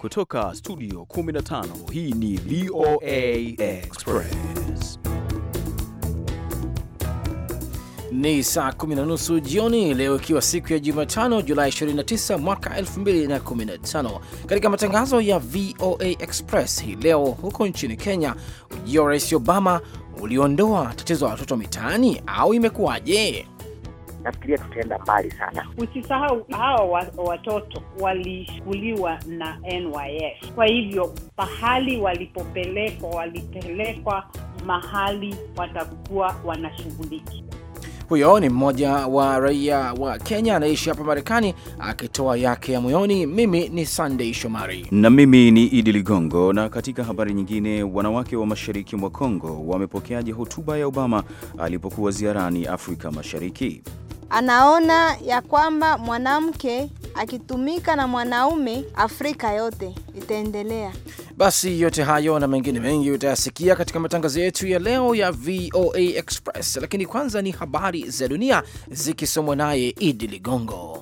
Kutoka studio 15 hii ni VOA Express. Ni saa kumi na nusu jioni leo, ikiwa siku ya Jumatano Julai 29 mwaka 2015. Katika matangazo ya VOA Express hii leo, huko nchini Kenya, ujio wa Rais Obama uliondoa tatizo la watoto mitaani au imekuwaje? nafikiria tutaenda mbali sana. Usisahau hawa watoto walishukuliwa na NYS, kwa hivyo pahali walipopelekwa walipelekwa mahali watakuwa wanashughuliki. Huyo ni mmoja wa raia wa Kenya anaishi hapa Marekani akitoa yake ya moyoni. Mimi ni Sandei Shomari na mimi ni Idi Ligongo. Na katika habari nyingine, wanawake wa mashariki mwa Kongo wamepokeaje hotuba ya Obama alipokuwa ziarani Afrika Mashariki? anaona ya kwamba mwanamke akitumika na mwanaume Afrika yote itaendelea. Basi yote hayo na mengine mengi utayasikia katika matangazo yetu ya leo ya VOA Express, lakini kwanza ni habari za dunia zikisomwa naye Idi Ligongo.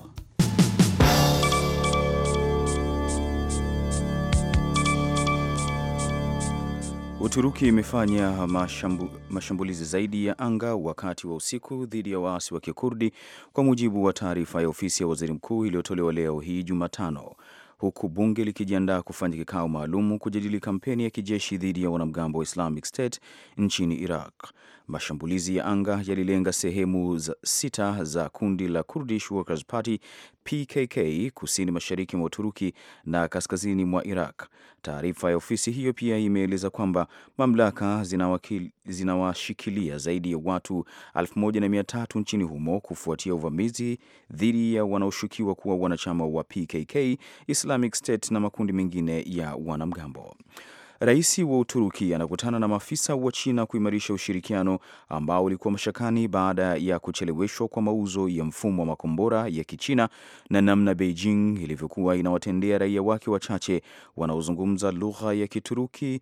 Uturuki imefanya mashambu, mashambulizi zaidi ya anga wakati wa usiku dhidi ya waasi wa Kikurdi kwa mujibu wa taarifa ya ofisi ya waziri mkuu iliyotolewa leo hii Jumatano, huku bunge likijiandaa kufanya kikao maalum kujadili kampeni ya kijeshi dhidi ya wanamgambo wa Islamic State nchini Iraq. Mashambulizi ya anga yalilenga sehemu za sita za kundi la Kurdish Workers Party PKK kusini mashariki mwa Uturuki na kaskazini mwa Iraq. Taarifa ya ofisi hiyo pia imeeleza kwamba mamlaka zinawashikilia zaidi ya watu 1300 nchini humo kufuatia uvamizi dhidi ya wanaoshukiwa kuwa wanachama wa PKK, Islamic State na makundi mengine ya wanamgambo. Rais wa Uturuki anakutana na maafisa wa China kuimarisha ushirikiano ambao ulikuwa mashakani baada ya kucheleweshwa kwa mauzo ya mfumo wa makombora ya Kichina na namna Beijing ilivyokuwa inawatendea raia wake wachache wanaozungumza lugha ya Kituruki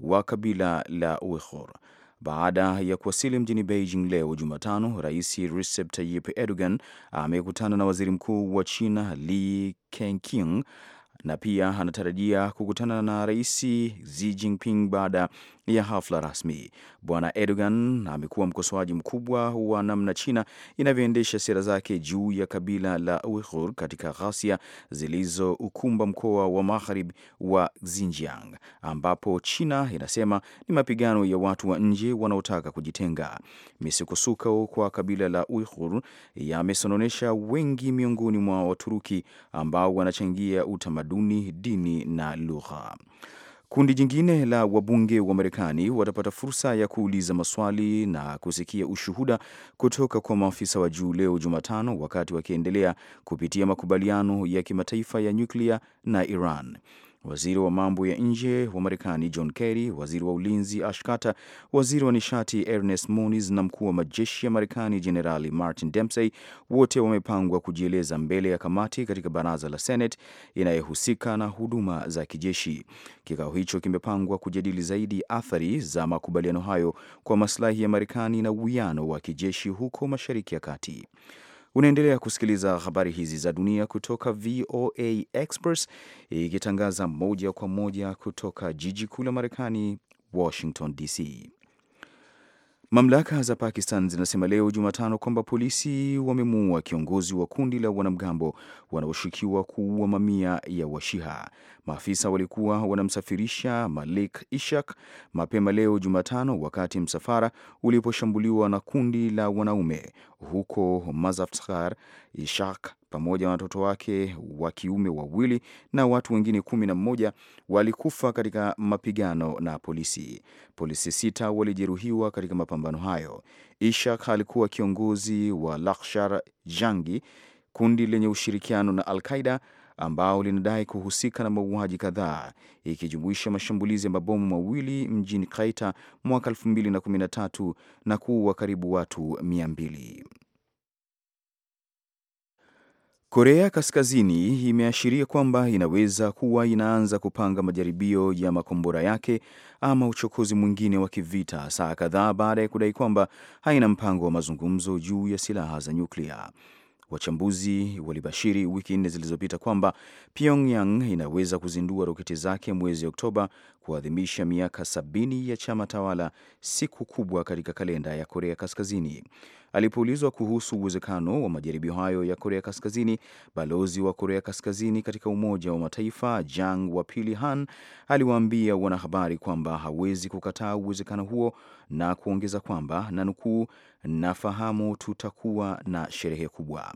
wa kabila la Uighur. Baada ya kuwasili mjini Beijing leo Jumatano, Rais Recep Tayyip Erdogan amekutana na Waziri Mkuu wa China Li Keqiang na pia anatarajia kukutana na Rais Xi Jinping baada ya hafla rasmi. Bwana Erdogan amekuwa mkosoaji mkubwa wa namna China inavyoendesha sera zake juu ya kabila la Uighur katika ghasia zilizoukumba mkoa wa magharibi wa Xinjiang, ambapo China inasema ni mapigano ya watu wa nje wanaotaka kujitenga. Misukosuko kwa kabila la Uighur yamesononesha wengi miongoni mwa Waturuki ambao wanachangia utamaduni, dini na lugha. Kundi jingine la wabunge wa Marekani watapata fursa ya kuuliza maswali na kusikia ushuhuda kutoka kwa maafisa wa juu leo Jumatano, wakati wakiendelea kupitia makubaliano ya kimataifa ya nyuklia na Iran waziri wa mambo ya nje wa Marekani John Kerry, waziri wa ulinzi Ash Carter, waziri wa nishati Ernest Moniz na mkuu wa majeshi ya Marekani Jenerali Martin Dempsey wote wamepangwa kujieleza mbele ya kamati katika baraza la Senate inayohusika na huduma za kijeshi. Kikao hicho kimepangwa kujadili zaidi athari za makubaliano hayo kwa masilahi ya Marekani na uwiano wa kijeshi huko Mashariki ya Kati. Unaendelea kusikiliza habari hizi za dunia kutoka VOA Express ikitangaza moja kwa moja kutoka jiji kuu la Marekani, Washington DC. Mamlaka za Pakistan zinasema leo Jumatano kwamba polisi wamemuua kiongozi wa kundi la wanamgambo wanaoshukiwa kuua mamia ya Washiha. Maafisa walikuwa wanamsafirisha Malik Ishak mapema leo Jumatano wakati msafara uliposhambuliwa na kundi la wanaume huko Mazaftar ishak pamoja na watoto wake wa kiume wawili na watu wengine kumi na mmoja walikufa katika mapigano na polisi. Polisi sita walijeruhiwa katika mapambano hayo. Ishak alikuwa kiongozi wa Lakshar Jangi, kundi lenye ushirikiano na alqaida ambao linadai kuhusika na mauaji kadhaa ikijumuisha mashambulizi ya mabomu mawili mjini Kaita mwaka 2013 na kuua karibu watu 2 Korea Kaskazini imeashiria kwamba inaweza kuwa inaanza kupanga majaribio ya makombora yake ama uchokozi mwingine wa kivita saa kadhaa baada ya kudai kwamba haina mpango wa mazungumzo juu ya silaha za nyuklia. Wachambuzi walibashiri wiki nne zilizopita kwamba Pyongyang inaweza kuzindua roketi zake mwezi Oktoba kuadhimisha miaka sabini ya chama tawala, siku kubwa katika kalenda ya Korea Kaskazini. Alipoulizwa kuhusu uwezekano wa majaribio hayo ya Korea Kaskazini, balozi wa Korea Kaskazini katika Umoja wa Mataifa Jang wa Pili Han aliwaambia wanahabari kwamba hawezi kukataa uwezekano huo na kuongeza kwamba na nukuu, nafahamu tutakuwa na sherehe kubwa.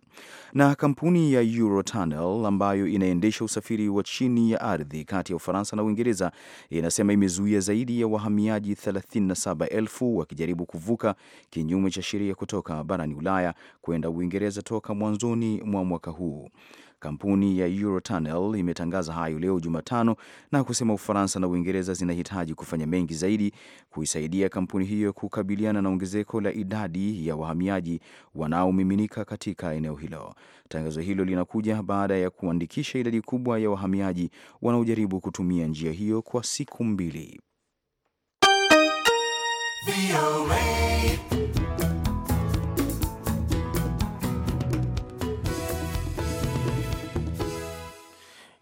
Na kampuni ya Eurotunnel ambayo inaendesha usafiri wa chini ya ardhi kati ya Ufaransa na Uingereza inasema imezuia zaidi ya wahamiaji 37,000 wakijaribu kuvuka kinyume cha sheria kutoka barani Ulaya kwenda Uingereza toka mwanzoni mwa mwaka huu. Kampuni ya Eurotunnel imetangaza hayo leo Jumatano na kusema Ufaransa na Uingereza zinahitaji kufanya mengi zaidi kuisaidia kampuni hiyo kukabiliana na ongezeko la idadi ya wahamiaji wanaomiminika katika eneo hilo. Tangazo hilo linakuja baada ya kuandikisha idadi kubwa ya wahamiaji wanaojaribu kutumia njia hiyo kwa siku mbili.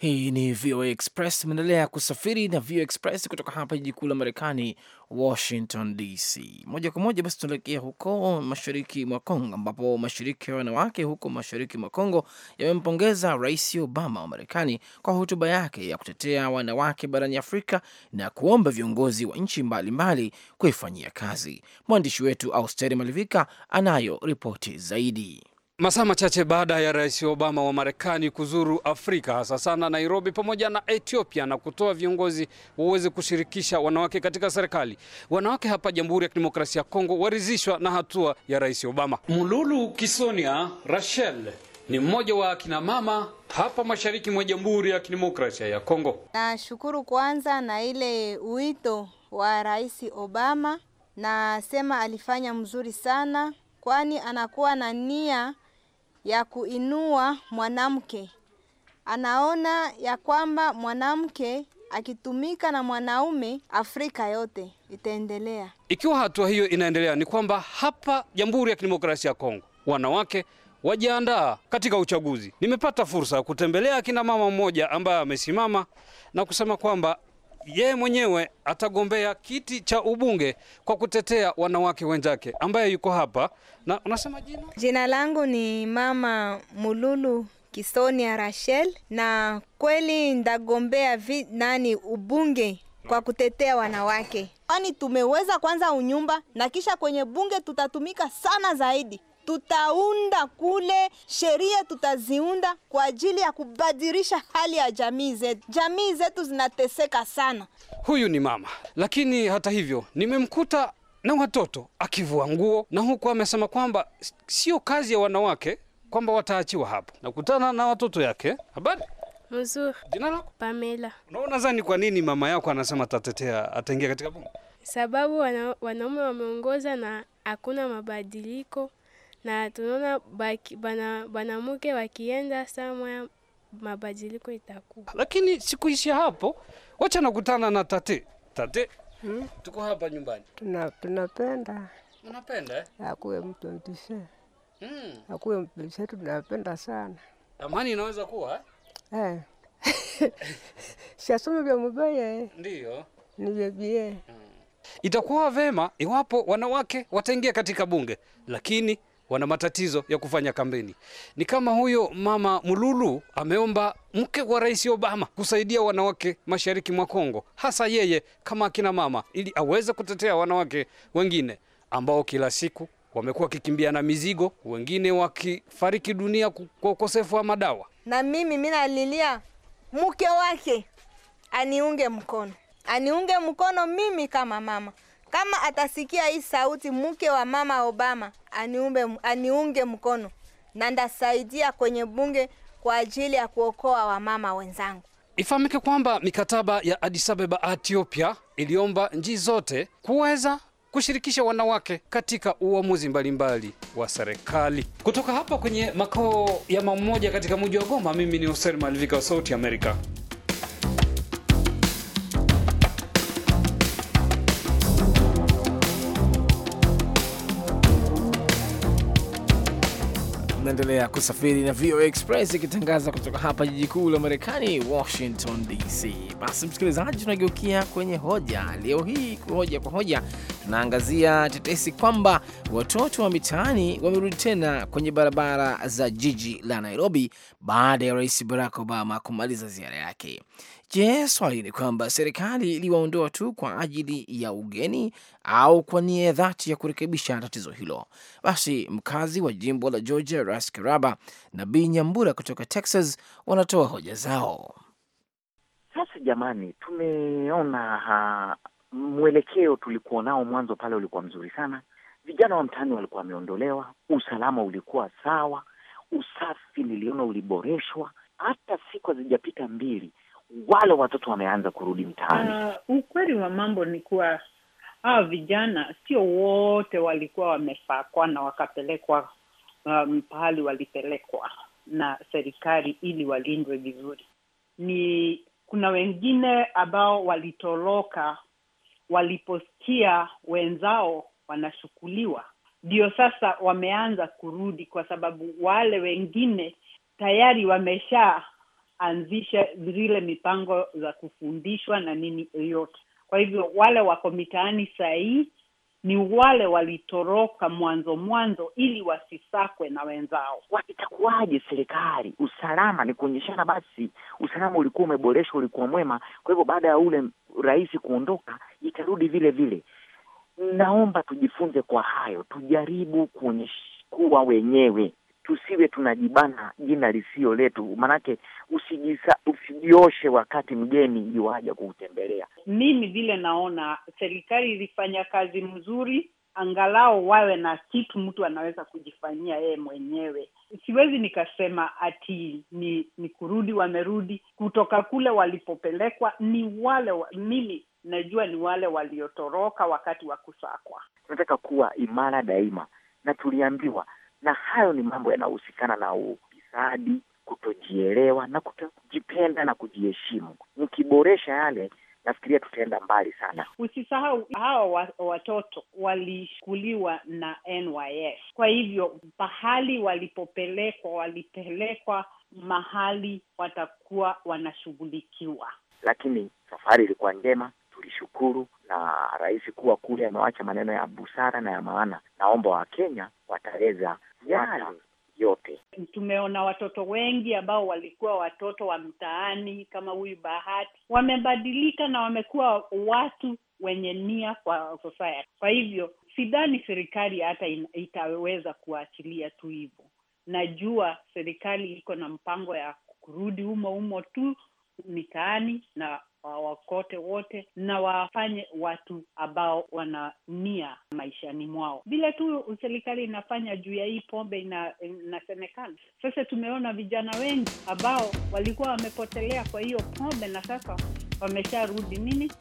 Hii ni VOA Express, mnaendelea kusafiri na VOA Express kutoka hapa jiji kuu la Marekani, Washington DC. Moja kwa moja basi tunaelekea huko mashariki mwa Kongo, ambapo mashirika ya wanawake huko mashariki mwa Kongo yamempongeza Rais Obama wa Marekani kwa hotuba yake ya kutetea wanawake barani Afrika na kuomba viongozi wa nchi mbalimbali kuifanyia kazi. Mwandishi wetu Austeri Malivika anayo ripoti zaidi. Masaa machache baada ya Rais Obama wa Marekani kuzuru Afrika hasa sana Nairobi pamoja na Ethiopia na kutoa viongozi waweze kushirikisha wanawake katika serikali, wanawake hapa Jamhuri ya Kidemokrasia ya Kongo waridhishwa na hatua ya Rais Obama. Mululu Kisonia Rachel ni mmoja wa akina mama hapa mashariki mwa Jamhuri ya Kidemokrasia ya Kongo. Nashukuru kwanza na ile wito wa Rais Obama, nasema alifanya mzuri sana, kwani anakuwa na nia ya kuinua mwanamke. Anaona ya kwamba mwanamke akitumika na mwanaume Afrika yote itaendelea. Ikiwa hatua hiyo inaendelea, ni kwamba hapa Jamhuri ya Kidemokrasia ya Kongo wanawake wajiandaa katika uchaguzi. Nimepata fursa ya kutembelea akina mama mmoja ambaye amesimama na kusema kwamba yeye mwenyewe atagombea kiti cha ubunge kwa kutetea wanawake wenzake, ambaye yuko hapa na unasema jina. Jina langu ni Mama Mululu Kisonia Rachel, na kweli ndagombea vi, nani ubunge kwa kutetea wanawake, kwani tumeweza kwanza unyumba na kisha kwenye bunge tutatumika sana zaidi tutaunda kule sheria, tutaziunda kwa ajili ya kubadilisha hali ya jamii zetu. Jamii zetu zinateseka sana. Huyu ni mama, lakini hata hivyo nimemkuta na watoto akivua nguo, na huku amesema kwamba sio kazi ya wanawake, kwamba wataachiwa hapo. Nakutana na watoto yake. Habari mzuri? Jina lako? Pamela. Unaona zani kwa nini mama yako anasema atatetea, ataingia katika bunge? Sababu wanaume wameongoza na hakuna mabadiliko na tunaona bana banamuke wakienda samwa mabadiliko itakuwa, lakini sikuishia hapo. Wacha nakutana na tate tate. Hmm? Tuko hapa nyumbani tuna, tunapenda unapenda eh? akuwe mtu hmm. akuwe mtu tunapenda sana. Amani inaweza kuwa eh, eh. siasoma vya mubaya ndio ni vyabie hmm. Itakuwa vema iwapo wanawake wataingia katika bunge, lakini wana matatizo ya kufanya kampeni. Ni kama huyo mama Mululu ameomba mke wa Rais Obama kusaidia wanawake mashariki mwa Kongo, hasa yeye kama akina mama, ili aweze kutetea wanawake wengine ambao kila siku wamekuwa wakikimbia na mizigo, wengine wakifariki dunia kwa ukosefu wa madawa. Na mimi minalilia mke wake aniunge mkono, aniunge mkono mimi kama mama kama atasikia hii sauti, mke wa mama Obama aniumbe, aniunge mkono na ndasaidia kwenye bunge kwa ajili ya kuokoa wamama wenzangu. Ifahamike kwamba mikataba ya Addis Ababa Ethiopia iliomba nchi zote kuweza kushirikisha wanawake katika uamuzi mbalimbali wa serikali. Kutoka hapa kwenye makao ya mama mmoja katika mji wa Goma, mimi ni hoser Malvika wa Sauti Amerika. unaendelea kusafiri na VOA Express ikitangaza kutoka hapa jiji kuu la Marekani, Washington DC. Basi msikilizaji, tunageukia kwenye hoja leo hii. Hoja kwa hoja, tunaangazia tetesi kwamba watoto wa mitaani wamerudi tena kwenye barabara za jiji la Nairobi baada ya Rais Barack Obama kumaliza ziara yake. Je, swali ni kwamba serikali iliwaondoa tu kwa ajili ya ugeni au kwa nia ya dhati ya kurekebisha tatizo hilo? Basi mkazi wa jimbo la Georgia Ras Karaba na Bi Nyambura kutoka Texas wanatoa hoja zao. Sasa jamani, tumeona ha, mwelekeo tulikuwa nao mwanzo pale ulikuwa mzuri sana. Vijana wa mtaani walikuwa wameondolewa, usalama ulikuwa sawa, usafi niliona uliboreshwa. Hata siku hazijapita mbili wale watoto wameanza kurudi mtaani. Uh, ukweli wa mambo ni kuwa hawa vijana sio wote walikuwa wamefakwa na wakapelekwa um, pahali walipelekwa na serikali ili walindwe vizuri. Ni kuna wengine ambao walitoroka waliposikia wenzao wanashukuliwa, ndio sasa wameanza kurudi, kwa sababu wale wengine tayari wamesha anzishe zile mipango za kufundishwa na nini yoyote. Kwa hivyo wale wako mitaani sahii ni wale walitoroka mwanzo mwanzo ili wasisakwe na wenzao. Itakuwaje serikali? Usalama ni kuonyeshana basi, usalama ulikuwa umeboreshwa, ulikuwa mwema. Kwa hivyo baada ya ule rahisi kuondoka, itarudi vile vile. Naomba tujifunze kwa hayo, tujaribu kuwa wenyewe tusiwe tunajibana jina lisio letu, maanake usijisa, usijioshe wakati mgeni yuaja kuutembelea Mimi vile naona serikali ilifanya kazi mzuri, angalau wawe na kitu mtu anaweza kujifanyia yeye mwenyewe. Siwezi nikasema ati ni, ni kurudi wamerudi kutoka kule walipopelekwa, ni wale wa, mimi najua ni wale waliotoroka wakati wa kusakwa. Tunataka kuwa imara daima, na tuliambiwa na hayo ni mambo yanayohusikana na ufisadi, kutojielewa na kutojipenda na kujiheshimu. nikiboresha yale nafikiria tutaenda mbali sana. Usisahau hawa watoto walishukuliwa na NYS, kwa hivyo pahali walipopelekwa, walipelekwa mahali watakuwa wanashughulikiwa. Lakini safari ilikuwa njema, tulishukuru na rais kuwa kule amewacha maneno ya busara na ya maana. Naomba Wakenya wataweza jana yote. Tumeona watoto wengi ambao walikuwa watoto wa mtaani kama huyu Bahati, wamebadilika na wamekuwa watu wenye nia kwa society. Kwa hivyo sidhani serikali hata itaweza kuachilia tu hivyo. Najua serikali iko na mpango ya kurudi humo humo tu mitaani na wakote wote na wafanye watu ambao wana nia maishani mwao. Vile tu serikali inafanya juu ya hii pombe ina, inasemekana sasa, tumeona vijana wengi ambao walikuwa wamepotelea kwa hiyo pombe na sasa wamesharudi nini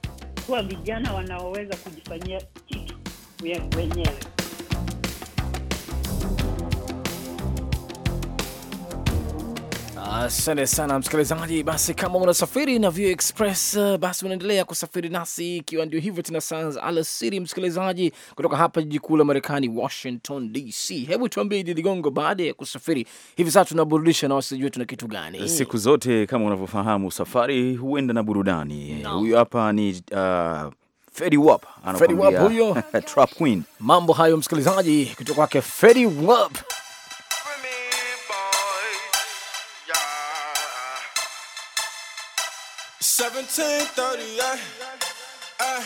kuwa vijana wanaoweza kujifanyia kitu wenyewe. Asante sana msikilizaji, basi kama unasafiri na Vio Express, eh, basi unaendelea kusafiri nasi, ikiwa ndio hivyo tena saa alasiri, msikilizaji, kutoka hapa jiji kuu la Marekani, Washington DC. Hebu tuambie Idi Ligongo, baada ya kusafiri hivi sasa tunaburudisha na wasikilizaji wetu na kitu gani? Siku zote kama unavyofahamu, safari huenda na burudani. Huyu no. hapa ni uh, Fedi Wap anakuambia Trap Queen. Mambo hayo msikilizaji, kutoka kwake Fedi Wap. 1730, I, eh, eh.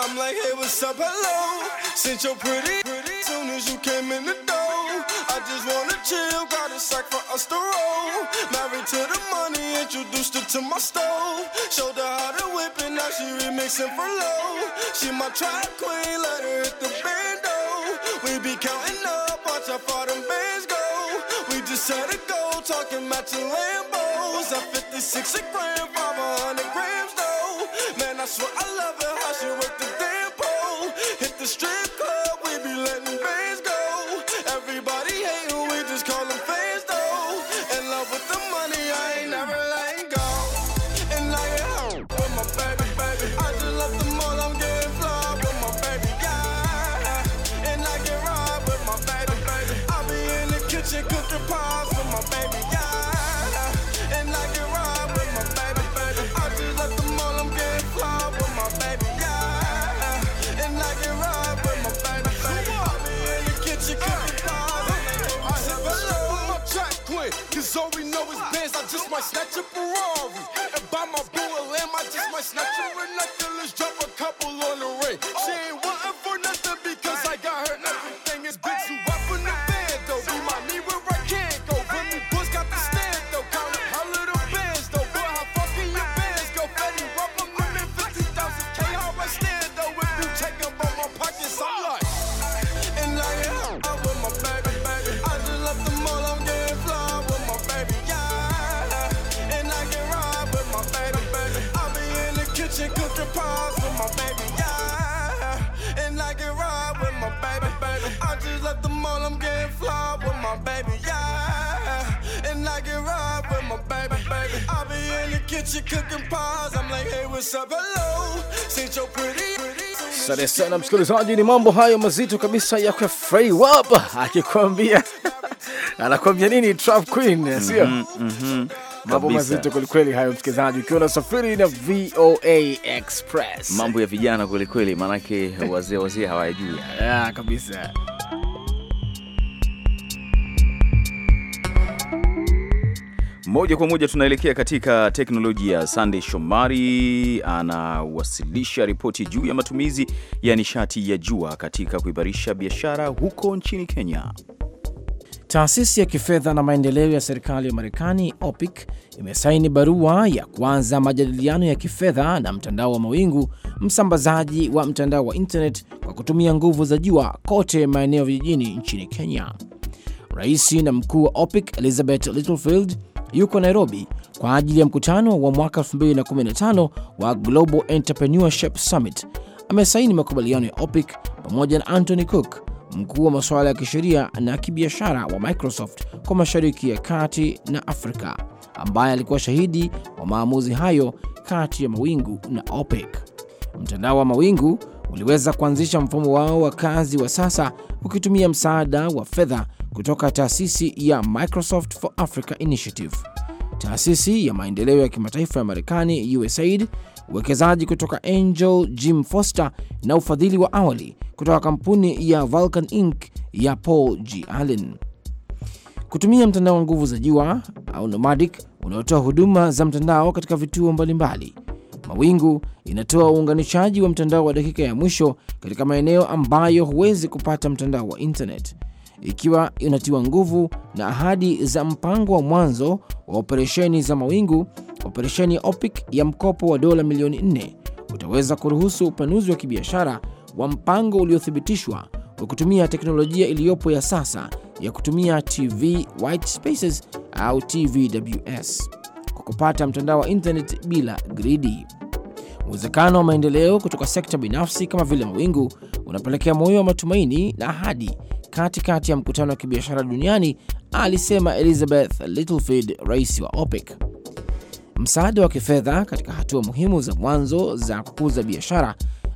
I'm like, hey, what's up, hello? Since you're pretty, pretty, soon as you came in the door, I just wanna chill, got a sack for us to roll. Married to the money, introduced her to my stove. Showed her how to whip it, now she remixing for low. She my track queen, let her hit the bando. We be counting up, watch out for them bands set of gold, talking about your Lambos. At 56 a gram, 500 grams, though. Man, I swear I love it, how she worked the know it's Benz, I just might snatch a Ferrari. And buy my boo a I just might snatch a necklace. my baby, yeah. And I get right with my baby, baby. I be in the kitchen cooking pies. I'm like, hey, what's up, hello? Since you're pretty, pretty. Asante sana msikilizaji, ni mambo hayo mazito kabisa ya kwa Free Wap akikwambia anakwambia nini Trap Queen, eh, sio? mm -hmm, mm -hmm. Mambo mazito kwelikweli hayo, msikilizaji, ukiwa unasafiri na VOA Express, mambo ya vijana kwelikweli, maanake wazee wazee hawayajui kabisa. Moja kwa moja tunaelekea katika teknolojia. Sandey Shomari anawasilisha ripoti juu ya matumizi ya nishati ya jua katika kuimarisha biashara huko nchini Kenya. Taasisi ya kifedha na maendeleo ya serikali ya Marekani, OPIC, imesaini barua ya kuanza majadiliano ya kifedha na mtandao wa mawingu, msambazaji wa mtandao wa internet kwa kutumia nguvu za jua kote maeneo vijijini nchini Kenya. Rais na mkuu wa OPIC Elizabeth Littlefield yuko Nairobi kwa ajili ya mkutano wa mwaka 2015 wa Global Entrepreneurship Summit. Amesaini makubaliano ya OPIC pamoja na Anthony Cook, mkuu wa masuala ya kisheria na kibiashara wa Microsoft kwa Mashariki ya Kati na Afrika, ambaye alikuwa shahidi wa maamuzi hayo kati ya Mawingu na OPIC. Mtandao wa Mawingu uliweza kuanzisha mfumo wao wa kazi wa sasa ukitumia msaada wa fedha kutoka taasisi ya Microsoft for Africa Initiative, taasisi ya maendeleo ya kimataifa ya Marekani USAID, uwekezaji kutoka Angel Jim Foster na ufadhili wa awali kutoka kampuni ya Vulcan Inc ya Paul G Allen. Kutumia mtandao wa nguvu za jua au nomadic unaotoa huduma za mtandao katika vituo mbalimbali. Mawingu inatoa uunganishaji wa mtandao wa dakika ya mwisho katika maeneo ambayo huwezi kupata mtandao wa internet ikiwa inatiwa nguvu na ahadi za mpango wa mwanzo wa operesheni za mawingu. Operesheni ya OPIC ya mkopo wa dola milioni 4 utaweza kuruhusu upanuzi wa kibiashara wa mpango uliothibitishwa wa kutumia teknolojia iliyopo ya sasa ya kutumia TV white spaces au TVWS kwa kupata mtandao wa internet bila gridi. Uwezekano wa maendeleo kutoka sekta binafsi kama vile mawingu unapelekea moyo wa matumaini na ahadi katikati kati ya mkutano wa kibiashara duniani, alisema Elizabeth Littlefield, rais wa OPEC. Msaada wa kifedha katika hatua muhimu za mwanzo za kukuza biashara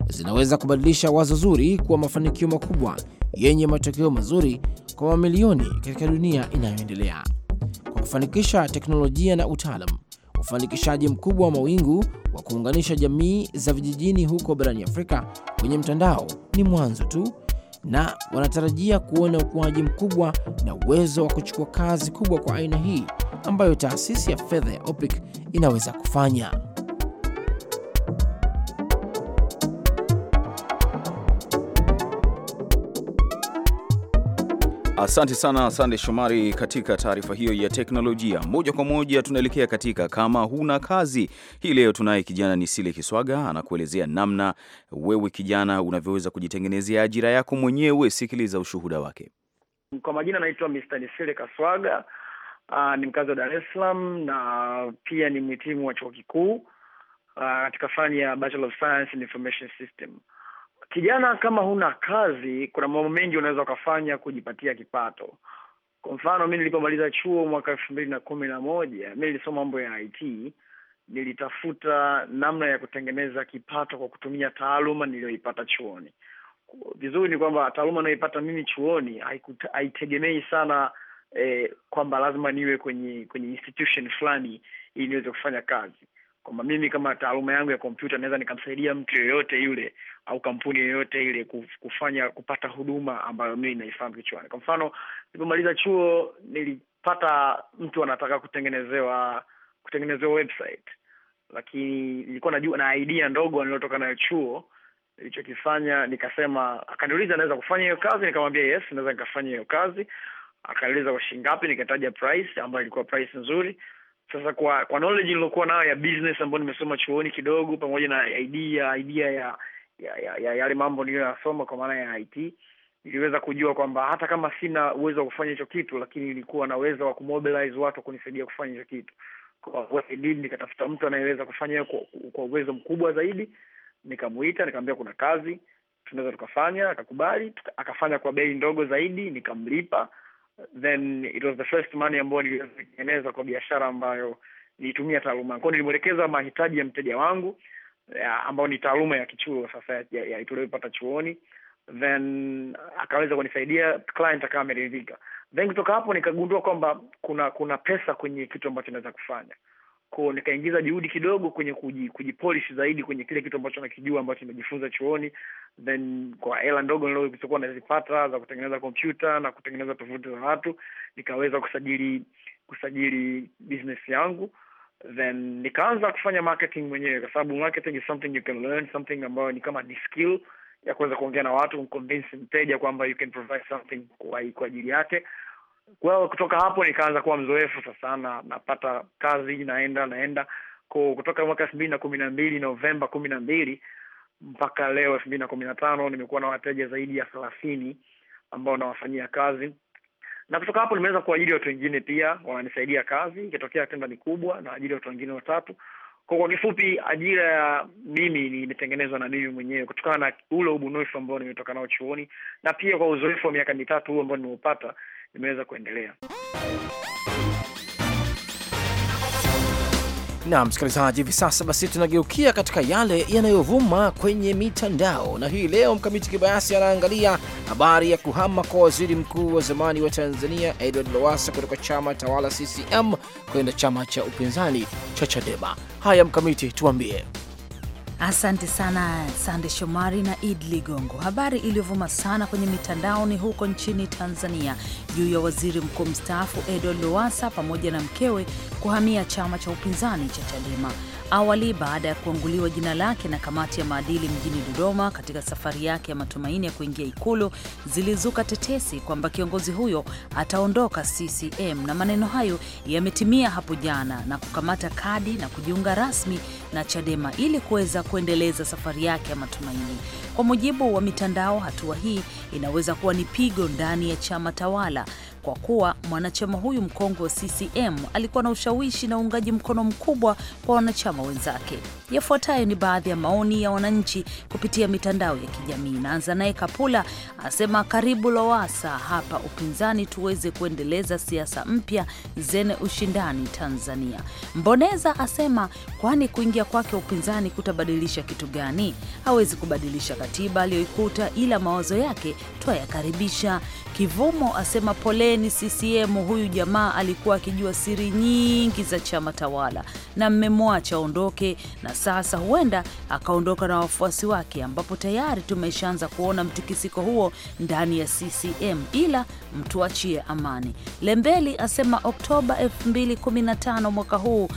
zinaweza kubadilisha wazo zuri kuwa mafanikio makubwa yenye matokeo mazuri kwa mamilioni katika dunia inayoendelea. Kwa kufanikisha teknolojia na utaalam, ufanikishaji mkubwa wa mawingu wa kuunganisha jamii za vijijini huko barani Afrika kwenye mtandao ni mwanzo tu na wanatarajia kuona ukuaji mkubwa na uwezo wa kuchukua kazi kubwa kwa aina hii ambayo taasisi ya fedha ya OPIC inaweza kufanya. Asante sana Sande Shomari katika taarifa hiyo ya teknolojia. Moja kwa moja tunaelekea katika kama huna kazi hii. Leo tunaye kijana Nisile Kiswaga anakuelezea namna wewe kijana unavyoweza kujitengenezea ajira yako mwenyewe. Sikiliza ushuhuda wake. Kwa majina anaitwa Mr. Nisile Kaswaga. Uh, ni mkazi wa Dar es Salaam na pia ni mhitimu wa chuo kikuu uh, katika fani ya Bachelor of Science in Information System. Kijana, kama huna kazi, kuna mambo mengi unaweza ukafanya kujipatia kipato. Kwa mfano, mi nilipomaliza chuo mwaka elfu mbili na kumi na moja mi nilisoma mambo ya IT. Nilitafuta namna ya kutengeneza kipato kwa kutumia taaluma niliyoipata chuoni. Vizuri ni kwamba taaluma nayoipata mimi chuoni haitegemei sana eh, kwamba lazima niwe kwenye kwenye institution fulani ili niweze kufanya kazi, kwamba mimi kama taaluma yangu ya kompyuta naweza nikamsaidia mtu yoyote yule au kampuni yoyote ile kufanya kupata huduma ambayo mimi naifahamu kichwani. Kwa mfano, nilipomaliza chuo nilipata mtu anataka kutengenezewa kutengenezewa website, lakini nilikuwa najua na idea ndogo nilotoka nayo chuo nilichokifanya nikasema, akaniuliza naweza kufanya hiyo kazi, nikamwambia yes, naweza nikafanya hiyo kazi. Akaniuliza kwa shilingi ngapi, nikataja price ambayo ilikuwa price nzuri. Sasa kwa kwa knowledge niliokuwa nayo ya business ambayo nimesoma chuoni kidogo, pamoja na idea idea ya ya, ya, ya yale mambo niliyoyasoma kwa maana ya IT niliweza kujua kwamba hata kama sina uwezo wa kufanya hicho kitu, lakini nilikuwa na uwezo wa kumobilize watu kunisaidia kufanya hicho kitu. Kwa nikatafuta mtu anayeweza kufanya kwa, kwa uwezo mkubwa zaidi, nikamuita, nikamwambia kuna kazi tunaweza tukafanya, akakubali, akafanya kwa bei ndogo zaidi, nikamlipa. Then it was the first money ambayo niliweza kutengeneza kwa biashara ambayo nilitumia taaluma. Kwa nilimwelekeza mahitaji ya mteja wangu ambayo ni taaluma ya kichuo sasa tulioipata chuoni, then akaweza kunisaidia, client akawa ameridhika, then kutoka hapo nikagundua kwamba kuna kuna pesa kwenye kitu ambacho naweza kufanya ko nikaingiza juhudi kidogo kwenye kujipolish zaidi kwenye kile kitu ambacho nakijua ambacho nimejifunza chuoni, then kwa hela ndogo nilizokuwa nazipata za kutengeneza kompyuta na kutengeneza tofauti za watu, nikaweza kusajili kusajili business yangu then nikaanza kufanya marketing mwenyewe, kwa sababu marketing is something you can learn, something ambayo ni kama ni skill ya kuweza kuongea na watu, kumconvince mteja kwamba you can provide something kwa ajili yake. Well, kutoka hapo nikaanza kuwa mzoefu sasa, na napata kazi, naenda naenda kwa kutoka mwaka elfu mbili na kumi na mbili Novemba kumi na mbili mpaka leo elfu mbili na kumi na tano nimekuwa na wateja zaidi ya thelathini ambao nawafanyia kazi na kutoka hapo nimeweza kuajiri watu wengine pia wananisaidia kazi, ikitokea tenda ni kubwa na ajiri watu wengine watatu. Kwa kwa kifupi, ajira ya mimi imetengenezwa na mimi mwenyewe kutokana na ule ubunifu ambao nimetoka nao chuoni na pia kwa uzoefu wa miaka mitatu huu ambao nimeupata, nimeweza kuendelea na msikilizaji, hivi sasa basi tunageukia katika yale yanayovuma kwenye mitandao, na hii leo Mkamiti Kibayasi anaangalia habari ya kuhama kwa waziri mkuu wa zamani wa Tanzania Edward Lowassa kutoka chama tawala CCM kwenda chama cha upinzani cha Chadema. Haya Mkamiti, tuambie. Asante sana Sande Shomari na Id Ligongo. Habari iliyovuma sana kwenye mitandao ni huko nchini Tanzania juu ya waziri mkuu mstaafu Edo Lowasa pamoja na mkewe kuhamia chama cha upinzani cha Chadema. Awali, baada ya kuanguliwa jina lake na kamati ya maadili mjini Dodoma katika safari yake ya matumaini ya kuingia Ikulu, zilizuka tetesi kwamba kiongozi huyo ataondoka CCM, na maneno hayo yametimia hapo jana na kukamata kadi na kujiunga rasmi na Chadema ili kuweza kuendeleza safari yake ya matumaini. Kwa mujibu wa mitandao, hatua hii inaweza kuwa ni pigo ndani ya chama tawala kwa kuwa mwanachama huyu mkongwe wa CCM alikuwa na ushawishi na uungaji mkono mkubwa kwa wanachama wenzake. Yafuatayo ni baadhi ya maoni ya wananchi kupitia mitandao ya kijamii. Naanza naye Kapula asema, karibu Lowasa, hapa upinzani tuweze kuendeleza siasa mpya zenye ushindani Tanzania. Mboneza asema, kwani kuingia kwake upinzani kutabadilisha kitu gani? Hawezi kubadilisha katiba aliyoikuta, ila mawazo yake twayakaribisha. Kivumo asema poleni CCM, huyu jamaa alikuwa akijua siri nyingi za chama tawala na mmemwacha aondoke, na sasa huenda akaondoka na wafuasi wake, ambapo tayari tumeshaanza kuona mtikisiko huo ndani ya CCM, ila mtuachie amani. Lembeli asema Oktoba 2015 mwaka huu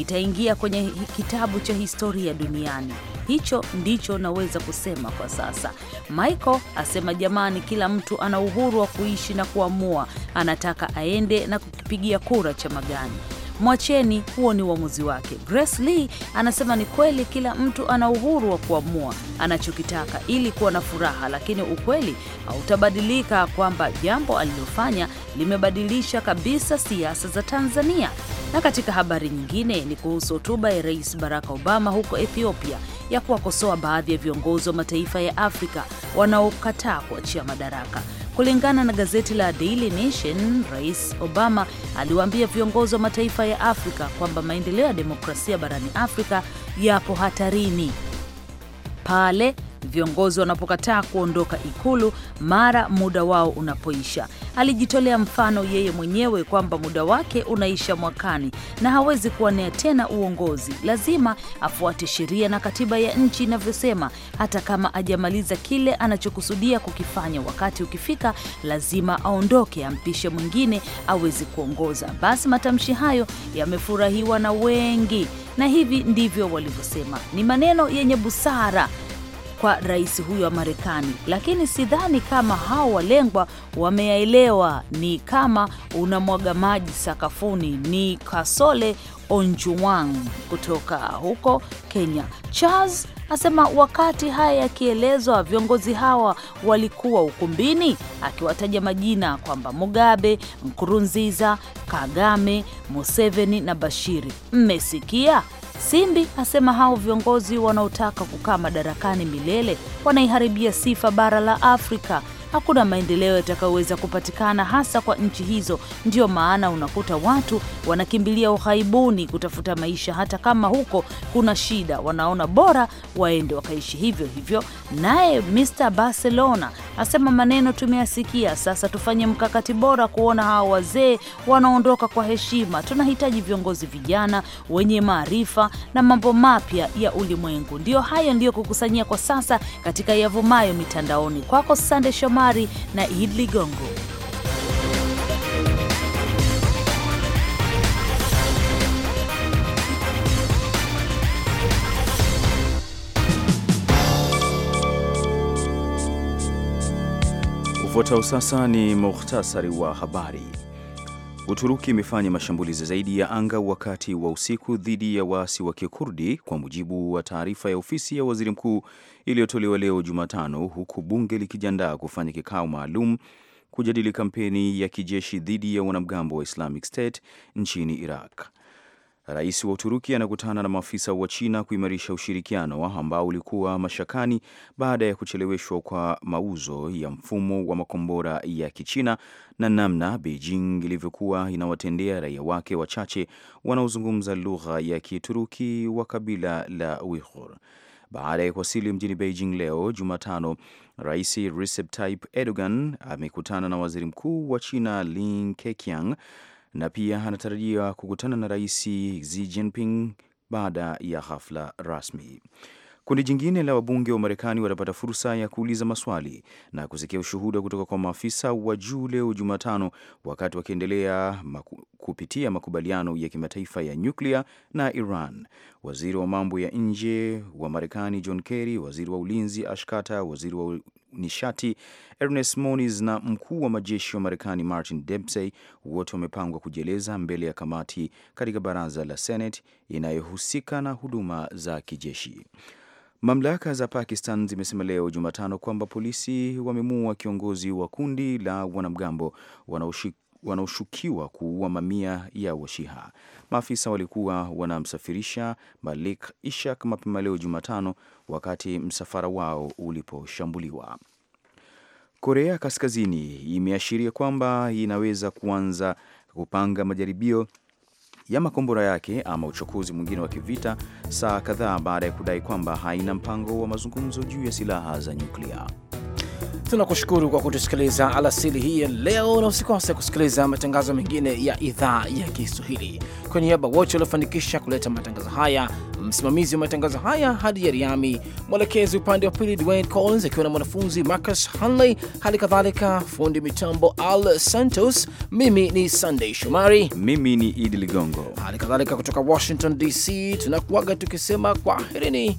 itaingia kwenye kitabu cha historia duniani. Hicho ndicho naweza kusema kwa sasa. Michael asema jamani, kila mtu ana uhuru wa kuishi na kuamua anataka aende na kukipigia kura chama gani. Mwacheni, huo ni uamuzi wake. Grace Lee anasema ni kweli, kila mtu ana uhuru wa kuamua anachokitaka ili kuwa na furaha, lakini ukweli hautabadilika kwamba jambo alilofanya limebadilisha kabisa siasa za Tanzania. Na katika habari nyingine ni kuhusu hotuba ya Rais Barack Obama huko Ethiopia ya kuwakosoa baadhi ya viongozi wa mataifa ya Afrika wanaokataa kuachia madaraka. Kulingana na gazeti la Daily Nation, Rais Obama aliwaambia viongozi wa mataifa ya Afrika kwamba maendeleo ya demokrasia barani Afrika yapo hatarini pale viongozi wanapokataa kuondoka Ikulu mara muda wao unapoisha. Alijitolea mfano yeye mwenyewe kwamba muda wake unaisha mwakani na hawezi kuwania tena uongozi, lazima afuate sheria na katiba ya nchi inavyosema, hata kama ajamaliza kile anachokusudia kukifanya. Wakati ukifika, lazima aondoke, ampishe mwingine awezi kuongoza. Basi matamshi hayo yamefurahiwa na wengi, na hivi ndivyo walivyosema: ni maneno yenye busara kwa rais huyo wa Marekani, lakini sidhani kama hao walengwa wameyaelewa. Ni kama unamwaga maji sakafuni. Ni Kasole onjuang kutoka huko Kenya. Charles asema wakati haya yakielezwa, viongozi hawa walikuwa ukumbini, akiwataja majina kwamba Mugabe, Nkurunziza, Kagame, Museveni na Bashiri. Mmesikia? Simbi asema hao viongozi wanaotaka kukaa madarakani milele wanaiharibia sifa bara la Afrika hakuna maendeleo yatakayoweza kupatikana hasa kwa nchi hizo. Ndiyo maana unakuta watu wanakimbilia ughaibuni kutafuta maisha, hata kama huko kuna shida, wanaona bora waende wakaishi hivyo hivyo. Naye Mr Barcelona asema maneno tumeyasikia, sasa tufanye mkakati bora kuona hawa wazee wanaondoka kwa heshima. Tunahitaji viongozi vijana wenye maarifa na mambo mapya ya ulimwengu. Ndiyo hayo ndiyo kukusanyia kwa sasa katika yavumayo mitandaoni. Kwako Sande Shomari. Shomari na Id Ligongo. Ufuatao sasa ni muhtasari wa habari. Uturuki imefanya mashambulizi zaidi ya anga wakati wa usiku dhidi ya waasi wa Kikurdi kwa mujibu wa taarifa ya ofisi ya waziri mkuu iliyotolewa leo Jumatano, huku bunge likijiandaa kufanya kikao maalum kujadili kampeni ya kijeshi dhidi ya wanamgambo wa Islamic State nchini Iraq. Rais wa Uturuki anakutana na maafisa wa China kuimarisha ushirikiano ambao ulikuwa mashakani baada ya kucheleweshwa kwa mauzo ya mfumo wa makombora ya Kichina na namna Beijing ilivyokuwa inawatendea raia wake wachache wanaozungumza lugha ya Kituruki wa kabila la Uighur. Baada ya kuwasili mjini Beijing leo Jumatano, Rais Recep Tayyip Erdogan amekutana na waziri mkuu wa China Li Keqiang na pia anatarajiwa kukutana na Rais Xi Jinping baada ya hafla rasmi. Kundi jingine la wabunge wa Marekani watapata fursa ya kuuliza maswali na kusikia ushuhuda kutoka kwa maafisa wa juu leo Jumatano, wakati wakiendelea maku, kupitia makubaliano ya kimataifa ya nyuklia na Iran. Waziri wa mambo ya nje wa Marekani John Kerry, waziri wa ulinzi Ash Carter, waziri wa nishati Ernest Moniz na mkuu wa majeshi wa Marekani Martin Dempsey wote wamepangwa kujieleza mbele ya kamati katika baraza la Senate inayohusika na huduma za kijeshi. Mamlaka za Pakistan zimesema leo Jumatano kwamba polisi wamemuua kiongozi wa kundi la wanamgambo wanaoshukiwa kuua mamia ya Washiha. Maafisa walikuwa wanamsafirisha Malik Ishak mapema leo Jumatano, wakati msafara wao uliposhambuliwa. Korea Kaskazini imeashiria kwamba inaweza kuanza kupanga majaribio ya makombora yake ama uchokozi mwingine wa kivita saa kadhaa baada ya kudai kwamba haina mpango wa mazungumzo juu ya silaha za nyuklia. Tunakushukuru kwa kutusikiliza alasili hii ya leo, na usikose kusikiliza matangazo mengine ya idhaa ya Kiswahili. Kwa niaba wote waliofanikisha kuleta matangazo haya, msimamizi wa matangazo haya hadi ya Riami, mwelekezi upande wa pili Dwayne Collins akiwa na mwanafunzi Marcus Hanley, hali kadhalika fundi mitambo Al Santos. Mimi ni Sunday Shomari, mimi ni Idi Ligongo, hali kadhalika kutoka Washington DC tunakuaga tukisema kwaherini.